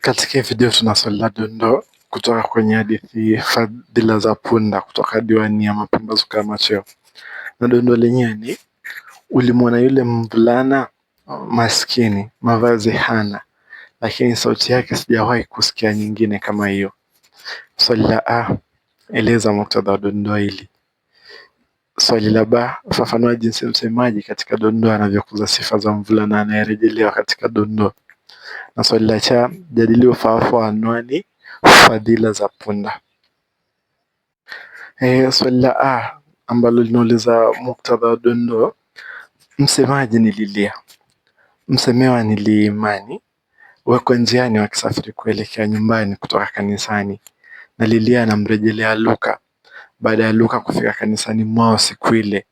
Katika hii video tuna swali la dondoo kutoka kwenye hadithi Fadhila za Punda kutoka diwani ya Mapambazuko ya Machweo, na dondoo lenyewe ni ulimwona yule mvulana maskini, mavazi hana, lakini sauti yake sijawahi kusikia nyingine kama hiyo. Swali la a, eleza muktadha wa dondoo hili. Swali la ba, fafanua jinsi msemaji katika dondoo anavyokuza sifa za mvulana anayerejelewa katika dondoo na swali la cha jadili ufaafu wa anwani fadhila za punda. E, swali la a ambalo linauliza muktadha wa dondoo. Msemaji nililia, msemewa niliimani, wekwa njiani wakisafiri kuelekea nyumbani kutoka kanisani. Nalilia anamrejelea Luka baada ya Luka kufika kanisani mwao siku ile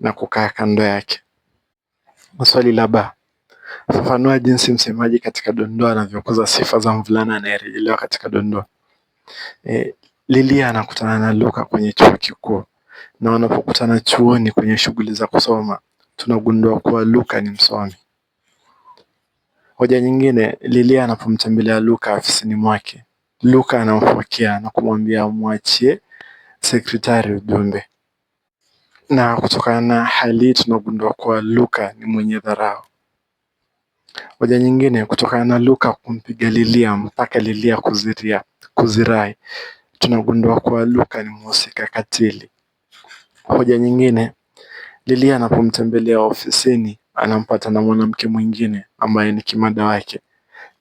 na kukaa kando yake. Swali la ba Fafanua jinsi msemaji katika dondoa anavyokuza sifa za mvulana anayerejelewa katika dondoa. E, Lilia anakutana na Luka kwenye chuo kikuu na wanapokutana chuoni kwenye shughuli za kusoma, tunagundua kuwa Luka ni msomi. Hoja nyingine, Lilia anapomtembelea Luka afisini mwake, Luka anamfokea na kumwambia amwachie sekretari ujumbe, na kutokana na hali hii tunagundua kuwa Luka ni mwenye dharau. Hoja nyingine kutokana na Luka kumpiga Lilia mpaka Lilia kuzirai tunagundua kuwa Luka ni mhusika katili. Hoja nyingine, Lilia anapomtembelea ofisini anampata na mwanamke mwingine ambaye ni kimada wake,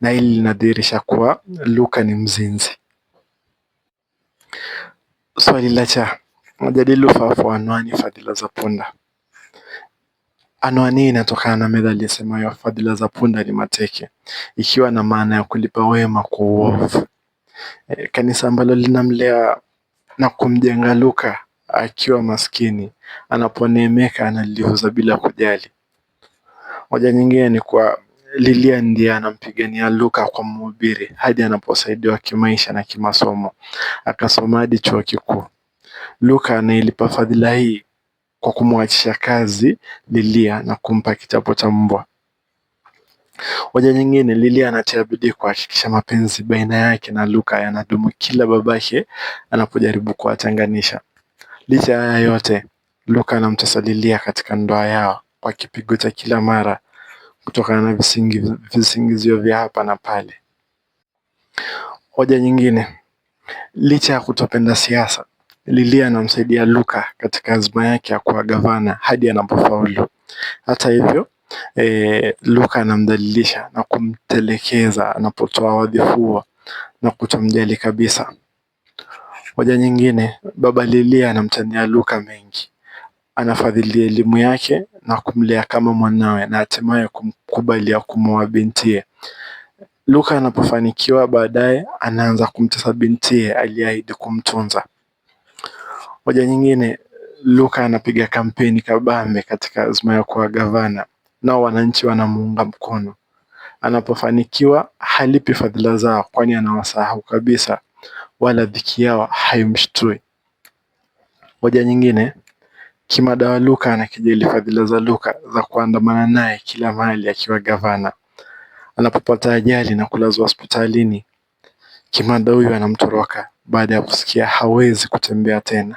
na hili linadhihirisha kuwa Luka ni mzinzi. Swali la cha majadilu faafu anwani fadhila za punda. Anwani hii inatokana na methali isemayo fadhila za punda ni mateke, ikiwa na maana ya kulipa wema kwa uovu. E, kanisa ambalo linamlea na kumjenga Luka akiwa maskini, anaponeemeka analiuza bila kujali. Hoja nyingine ni kuwa Lilia ndiye anampigania Luka kwa mhubiri hadi anaposaidiwa kimaisha na kimasomo, akasoma hadi chuo kikuu. Luka anailipa fadhila hii kwa kumwachia kazi Lilia na kumpa kitabu cha mbwa. Hoja nyingine, Lilia anatia bidii kuhakikisha mapenzi baina yake na Luka yanadumu kila babake anapojaribu kuwatenganisha. Licha ya haya yote, Luka anamtesa Lilia katika ndoa yao kwa kipigo cha kila mara kutokana na visingizio vya hapa na pale. Hoja nyingine, licha ya kutopenda siasa, Lilia anamsaidia Luka katika azma yake ya kuwa gavana hadi anapofaulu. Hata hivyo e, Luka anamdhalilisha na kumtelekeza anapotoa wadhifu huo na kutomjali kabisa. Hoja nyingine, baba Lilia anamtania Luka mengi, anafadhili elimu yake na kumlea kama mwanawe na hatimaye kumkubalia kumoa bintie Luka anapofanikiwa baadaye, anaanza kumtesa bintie aliyeahidi kumtunza moja nyingine, Luka anapiga kampeni kabambe katika azma ya kuwa gavana, nao wananchi wanamuunga mkono. Anapofanikiwa halipi fadhila zao, kwani anawasahau kabisa, wala dhiki yao haimshtui. moja nyingine, kimada wa Luka anakijeli fadhila za Luka za kuandamana naye kila mahali akiwa gavana. Anapopata ajali na kulazwa hospitalini, kimada huyu anamtoroka baada ya kusikia hawezi kutembea tena.